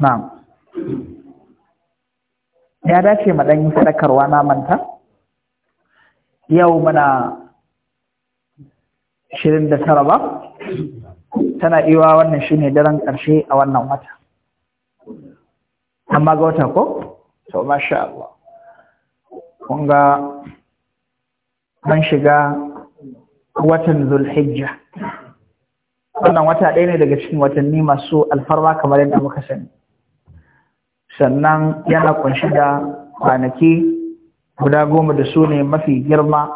na'am ya dace mu ɗan yi sadakarwa na manta yau muna shirin da tara ba tana iwa wannan shine daren ƙarshe a wannan wata amma ga wata ko to masha Allah kun ga mun shiga watan zulhijja wannan wata ɗaya ne daga cikin watanni masu alfarma kamar yadda muka sani sannan yana kunshi da kwanaki guda goma da su ne mafi girma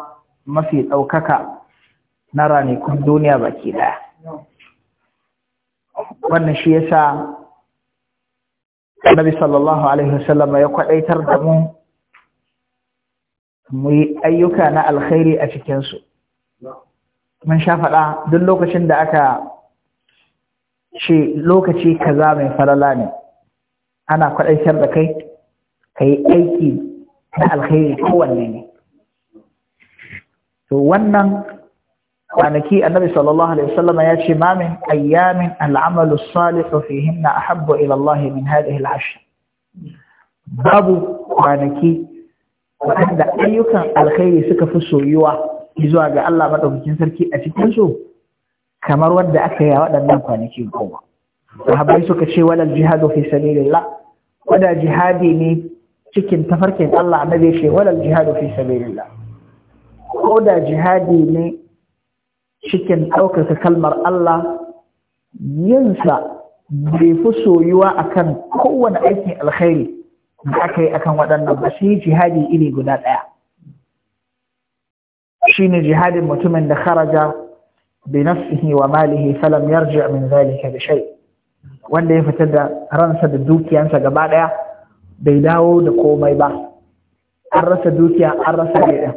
mafi ɗaukaka na ranakun duniya baki ɗaya wannan shi yasa Nabi sallallahu Alaihi wasallam ya kwaɗaitar da mu mu yi ayyuka na alkhairi a cikinsu. Mun sha faɗa duk lokacin da aka ce lokaci kaza mai falala ne. ana kwaɗaitar da kai ka yi aiki na alkhairi kowanne ne to wannan kwanaki annabi sallallahu alaihi wasallam ya ce ma min ayyamin al'amalu salihu fihinna ahabbu ila Allah min hadhihi al'ashr babu kwanaki wanda ayyukan alkhairi suka fi soyuwa zuwa ga Allah madaukakin sarki a cikin su kamar wanda aka yi a waɗannan kwanaki goma sahabbai suka ce walal jihadu fi sabilillah wada jihadi ne cikin tafarkin Allah annabi ce walal jihadu fi ko da jihadi ne cikin ɗaukaka kalmar Allah yinsa bai fi soyuwa akan kowane aikin alkhairi da aka yi akan waɗannan ba sai jihadi iri guda ɗaya shine jihadin mutumin da kharaja bi nafsihi wa malihi falam yarji min zalika da shai wanda ya fitar da ransa da dukiyansa gaba ɗaya bai dawo da komai ba an rasa dukiya an rasa gida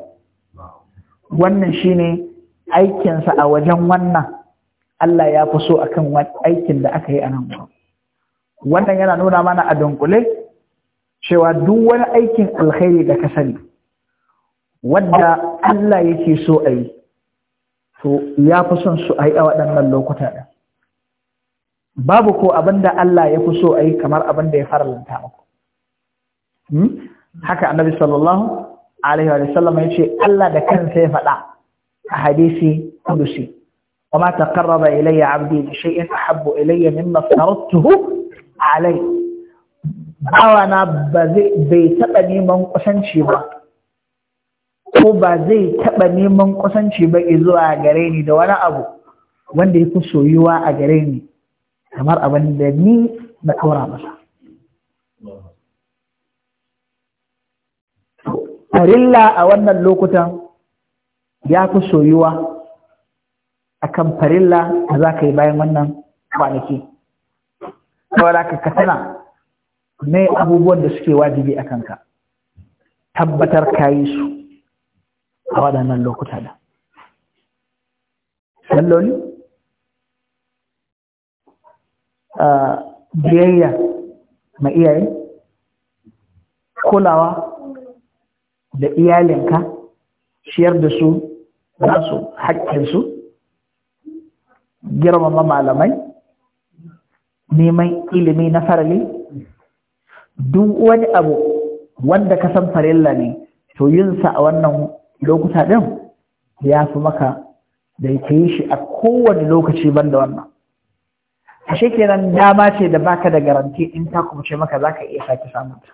wannan shine aikinsa a wajen wannan Allah ya fi so akan aikin da aka yi a nan wannan yana nuna mana a dunkule cewa duk wani aikin alkhairi da ka sani wadda Allah yake so a to ya fi son su a yi a waɗannan lokuta da babu ko abinda Allah ya fi so a yi kamar abinda ya faralanta muku hmm? haka annabi sallallahu alaihi wa sallam ya ce Allah da kansa ya faɗa a hadisi kudusi وما تقرب إلي عبدي بشيء أحب إلي مما افترضته عليه bawana ba zai bai taɓa neman kusanci ba ko ba zai taɓa neman kusanci ba zuwa gare ni da wani abu wanda ya fi soyuwa a gare ni kamar abin da ni na ɗora masa farilla a wannan lokutan ya fi soyuwa a kan farilla da za ka yi bayan wannan kwanaki saboda ka katana ne abubuwan da suke wajibi a kanka tabbatar ka yi su a waɗannan lokuta da salloli biyayya ma iyaye kulawa da iyalinka shiyar da su nasu haƙƙinsu girmama malamai neman ilimi na farali duk wani abu wanda ka san farilla ne to yinsa a wannan lokuta ɗin ya fi maka da ya yi shi a kowane lokaci banda wannan ashe kenan dama ce da baka da garanti in ta kubuce maka za ka iya sake samun ta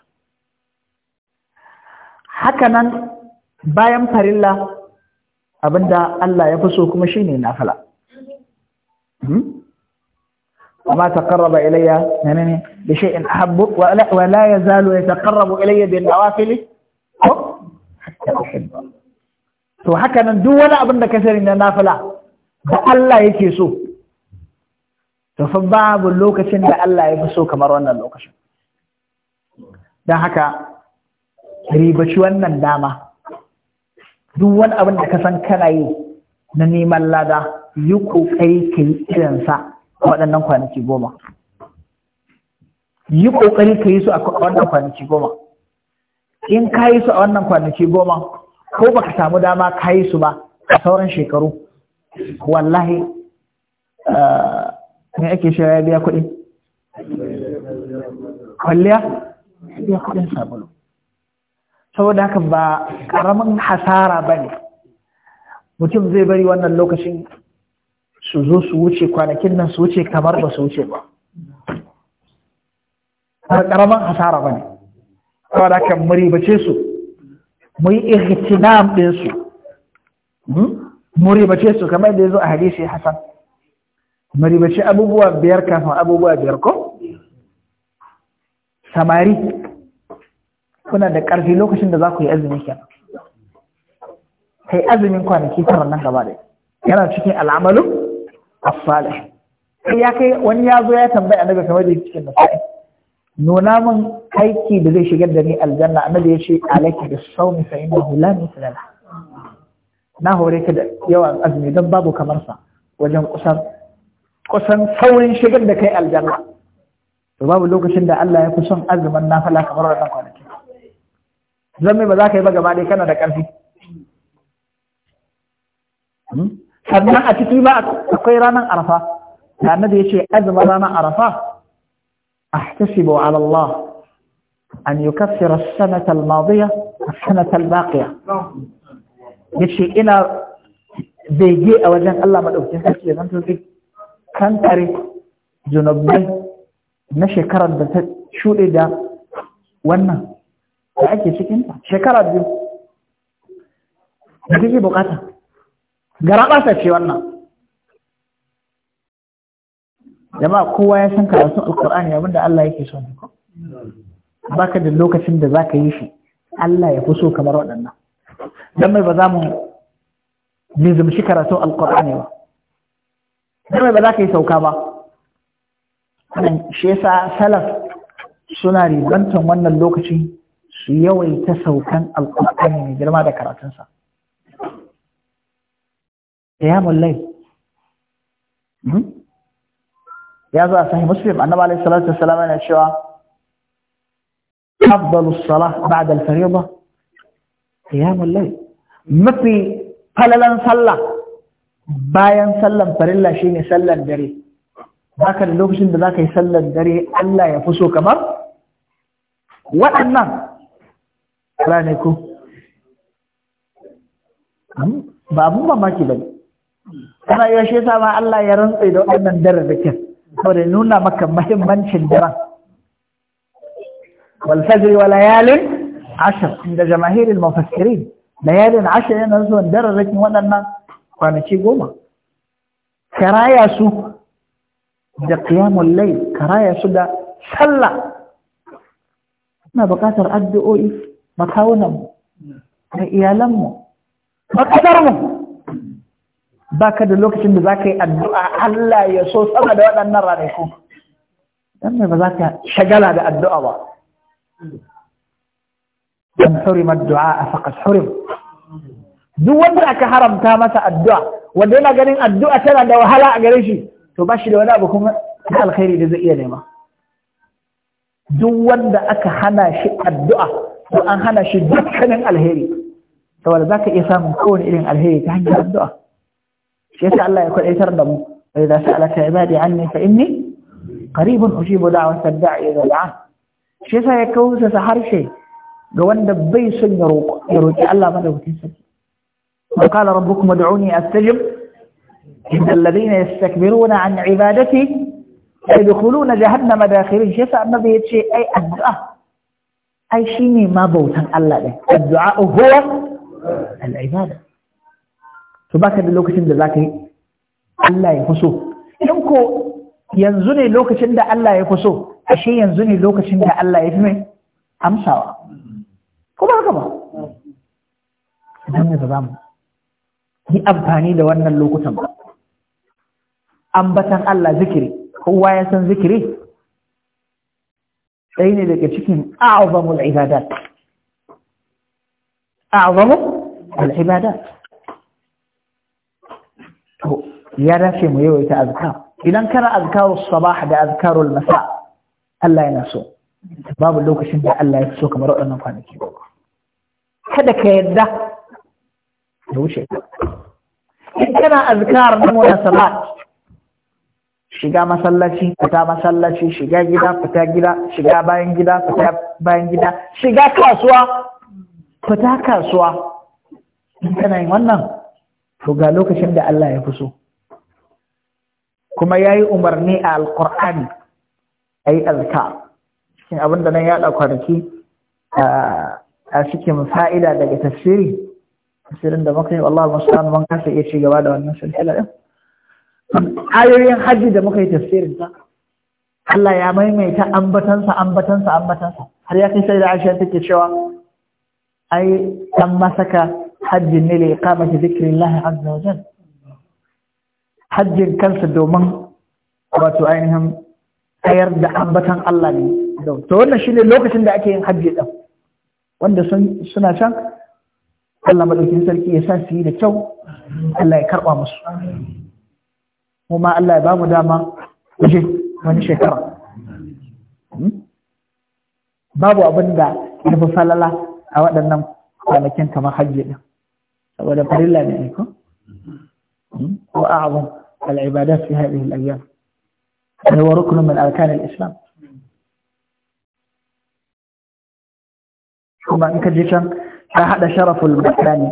haka nan bayan farilla abinda Allah ya fi so kuma shi ne na Amma shine nafila وما تقرب إلي بشيء أحبه zalo ya يزال يتقرب إلي da حتى أحبه to haka nan duk wani abin da ka sani na nafila da Allah yake so to fa babu lokacin da Allah ya fi so kamar wannan lokacin don haka ribaci wannan dama duk wani abin da ka san kana yi na neman lada yi ƙoƙari ka yi irinsa a waɗannan kwanaki goma yi ƙoƙari ka yi su a wannan kwanaki goma in ka yi su a wannan kwanaki goma ko baka samu dama ka yi su ba a sauran shekaru wallahi eh, ne ake shaya biya kuɗi kwalliya biya kuɗin sabulu saboda haka ba ƙaramin hasara ba ne mutum zai bari wannan lokacin su zo su wuce kwanakin nan su wuce kamar ba su wuce ba ba ƙaramin hasara ba ne saboda haka mu su mu yi ɗinsu hmm? mu su kamar da ya zo a hadisi hasan maribaci abubuwa biyar kafin abubuwa biyar ko? samari kuna da ƙarfi lokacin da za ku yi azumi kenan kai azumin kwanaki tara nan gaba da yana cikin al'amalu as-salih ya kai wani ya zo ya tambaya annabi kamar da cikin nasa'i nuna min aiki da zai shigar da ni aljanna annabi ya ce alaiki da saumi fa hu la mithla na hore ka da yawan azumi don babu kamar sa wajen kusan kusan saurin shigar da kai aljanna to babu lokacin da Allah ya fi son azumin nafila kamar wannan kwanaki zan ba za ka yi ba gaba dai kana da ƙarfi sannan a ciki ba akwai ranar arafa da annabi ya ce azumin ranar arafa ahtasibu ala Allah an yukaffira as-sanata al-madiya as-sanata al-baqiya yace ina bege a wajen Allah madaukakin sarki zan to Kan tare zunubai na shekarar da ta shuɗe da wannan da ake cikinta shekara biyu da kake bukata ɓasa ce wannan jama'a kowa ya san karatun alkur'ani da Allah yake so Ba baka da lokacin da zaka yi shi Allah ya fi so kamar waɗannan don mai ba za mu nizumci karatun alkur'ani ba dama ba za ka yi sauka ba wannan shi yasa salaf suna ribantar wannan lokacin su yawaita saukan alƙur'ani mai girma da karatunsa ya mullai hmm? ya zo a sahih muslim annaba alaihi salatu wassalam yana cewa afdalu salah ba'da al-fariḍa qiyamul layl mafi falalan sallah bayan sallan farilla shine sallan dare baka da lokacin da za ka yi sallan dare Allah ya fi so kamar waɗannan ranaku hmm? ba abun mamaki ba kana yi shi yasa ma Allah ya rantsa da waɗannan dararrakin saboda nuna maka mahimmancin daren wal fajr wa layalin ashir inda jamaahirul mufassirin layalin ashir yana zuwa dararrakin waɗannan kwanaki goma karaya su da kiyamun lai karaya su da sallah ina bukatar addu'o'i makawunanmu da iyalanmu mu ba ka da lokacin da za ka yi addu'a Allah ya so sama da waɗannan ranaku don mai ba za ka shagala da addu'a ba don hurimar du'a a faƙas duk wanda aka haramta masa addu'a wanda yana ganin addu'a tana da wahala a gare shi to ba shi da wani abu kuma na alkhairi da zai iya nema duk wanda aka hana shi addu'a to an hana shi dukkanin alheri saboda zaka iya samun kowane irin alheri ta hanyar addu'a shi yasa Allah ya kwadaitar da mu wa idza sa'alaka ibadi anni fa inni qaribun ujibu da'wata da'i idza da'a shi yasa ya kausa harshe ga wanda bai son ya roƙi Allah madaukakin sarki وقال ربكم ادعوني استجب ان الذين يستكبرون عن عبادتي يدخلون جهنم داخلين شفاء ما بيت شيء اي الدعاء اي شيء ما بوتا الله له الدعاء هو العبادة فباك اللوكة عند ذاك الله يخصو انكو ينزني اللوكة عند الله يخصو اشي ينزني اللوكة عند الله يفهمي امسا كما كما ادعوني بضامن yi amfani da wannan lokutan ba ambatan Allah zikiri kowa ya san zikiri ɗaya ne daga cikin a'azamul ibadat a'azamul ibadat to ya dace mu ita azkar idan kana azkarus sabah da azkarul masa Allah yana so babu lokacin da Allah ya so kamar waɗannan kwanaki kada ka yadda da wuce in kana azkar na wani salat shiga masallaci fita masallaci shiga gida fita gida shiga bayan gida fita bayan gida shiga kasuwa fita kasuwa in kana yin wannan to ga lokacin da Allah ya fi so kuma yayi umarni a alqur'ani yi azkar cikin abin da nan ya da kwanaki a cikin fa'ida daga tafsiri asirin da muka yi Allah musa'an mun kasa iya ci gaba da wannan silsila din ayoyin hajji da muka yi tafsirin ta Allah ya maimaita ambatansa ambatansa ambatansa har ya kai sai da Aisha take cewa ai dan masaka hajjin ne li iqamati zikrillah azza wa jalla hajjin kansa domin wato ainihin tsayar da ambatan Allah ne to wannan shine lokacin da ake yin hajji din wanda suna can Allah madaukin sarki ya sa su yi da kyau Allah ya karɓa musu kuma Allah ya ba mu dama waje wani shekara hmm? babu abin da ya fi falala a waɗannan kwanakin kamar hajji ɗin saboda farilla ne aiko hmm? a a'azam al-ibadat fi hadhihi al-ayyam huwa rukn min arkan islam kuma in ka je can ta haɗa sharaful makani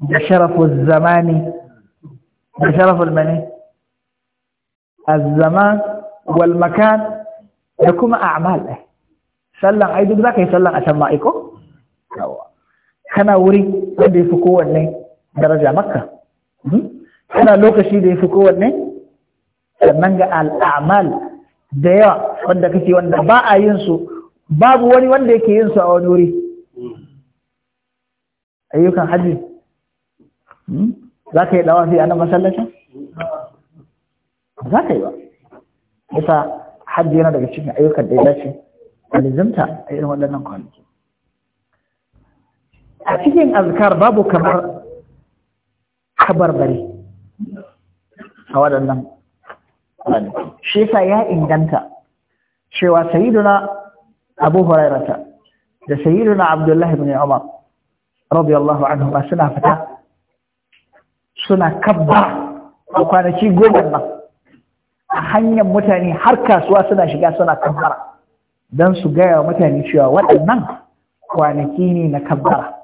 da sharaful zamani da sharaful mani azzaman wal makan da kuma a'mal ɗai sallan ai duk za ka yi sallan a can ma'aiko? kana wuri wanda ya fi kowanne daraja makka hmm? kana lokaci da ya fi kowanne sannan ga al'amal da yawa wanda kake wanda ba a yin su babu wani wanda yake yin su a wani wuri ayyukan hajji hmm? za ka yi dawafi a nan masallacin za ka yi ba nisa hajji yana daga cikin ayyukan da ya dace a lizimta a irin waɗannan kwanaki a cikin azkar babu kamar kabarbari a waɗannan kwanaki shi sa ya inganta cewa sayiduna abu hurairata da sayiduna abdullahi bin umar radiyallahu anhu ba suna fita suna kabba a kwanaki goma nan a hanyar mutane har kasuwa suna shiga suna kabbara don su gaya wa mutane cewa waɗannan kwanaki ne na kabbara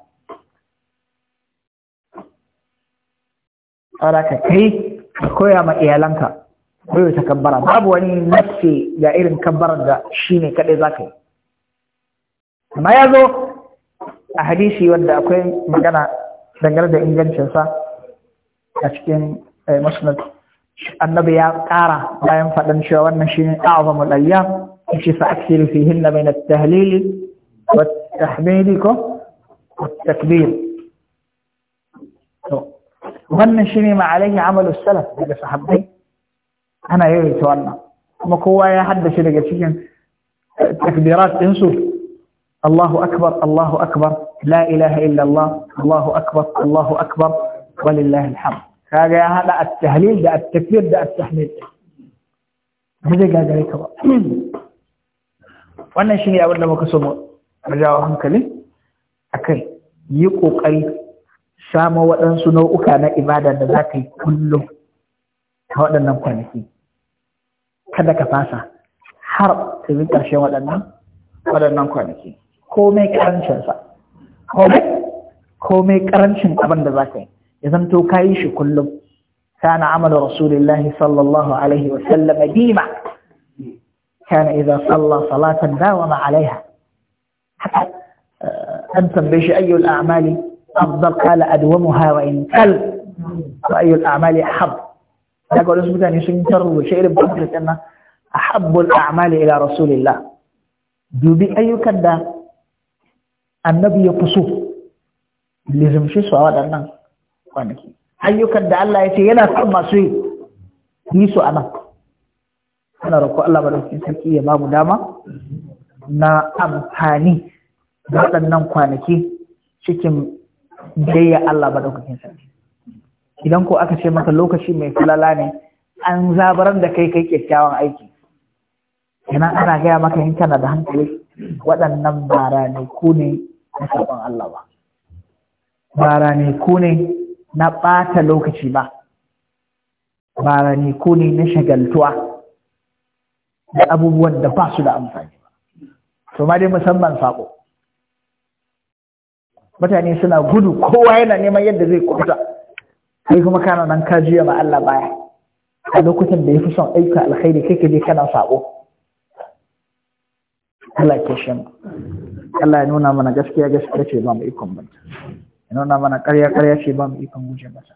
tsara ka kai ka koya ma iyalanka koyo ta kabbara babu wani nafsi ga irin kabbarar da shi ne kaɗai za ka yi amma ya zo ahadisi wanda akwai magana dangane da ingancin sa a cikin musnad annabi ya kara bayan fadan cewa wannan shine ne a'azamul ayyam shi fa aksiru fihinna min at-tahlil wa at-tahmid ko at-takbir to wannan shine ma alaihi amalu salaf daga sahabbai ana yawaita wannan kuma kowa ya haddace daga cikin takbirat ɗinsu الله أكبر الله أكبر لا إله إلا الله الله أكبر الله أكبر ولله الحمد هذا هذا التهليل ده التكبير ده التحميد هذا قاعد عليك wannan shine abin da muka so mu jawo hankali akai yi kokari samo waɗansu nau'uka na ibada da za ka yi kullum a waɗannan kwanaki kada ka fasa har ta yi ƙarshen waɗannan waɗannan kwanaki komai karancinsa komai komai karancin abin da za ka yi ya zanto ka yi shi kullum kana amalu rasulillahi sallallahu alaihi wa sallam bima kana idza salla salatan dawama alaiha haka an tambaye shi ayyul a'mali afdal qala adwamuha wa in kal wa ayyul a'mali ahab daga wasu mutane sun tarwo shi irin bakin nan ahabbul a'mali ila rasulillah dubi ayyukan da annabi ya fi so lizimshi su a waɗannan kwanaki ayyukan da Allah ya ce yana son masu yi yi su a nan ana roƙo Allah cikin sarki ya babu dama na amfani da waɗannan kwanaki cikin biyayya Allah madaukakin sarki idan ko aka ce maka lokaci mai falala ne an zabaran da kai kai kyakkyawan aiki Yana ana gaya maka yin kana da hankali waɗannan ba ranaku ne na sabon Allah ba. Ba ku ne na ɓata lokaci ba, ba ku ne na shagaltuwa da abubuwan da ba su da amfani ba. To ma dai musamman saƙo. Mutane suna gudu kowa yana neman yadda zai kuta, sai kuma kana nan ka juya ma Allah baya. A lokutan da ya fi son aika alkhairi kai ka je kana saƙo. Allah ke shi Allah ya nuna mana gaskiya gaskiya ce ba mu ikon banta ya nuna mana ƙarya ƙarya ce ba mu ikon guje mata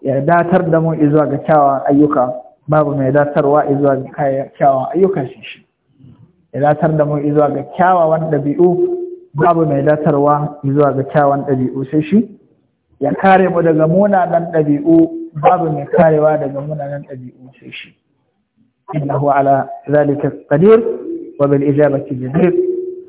ya datar da mu izuwa ga kyawawan ayyuka babu mai datarwa izuwa ga kyawawan ayyuka shi shi ya datar da mu izuwa ga kyawawan ɗabi'u babu mai datarwa izuwa ga kyawawan ɗabi'u sai shi ya kare mu daga munanan ɗabi'u babu mai karewa daga munanan ɗabi'u sai shi innahu ala zalika qadir wa bil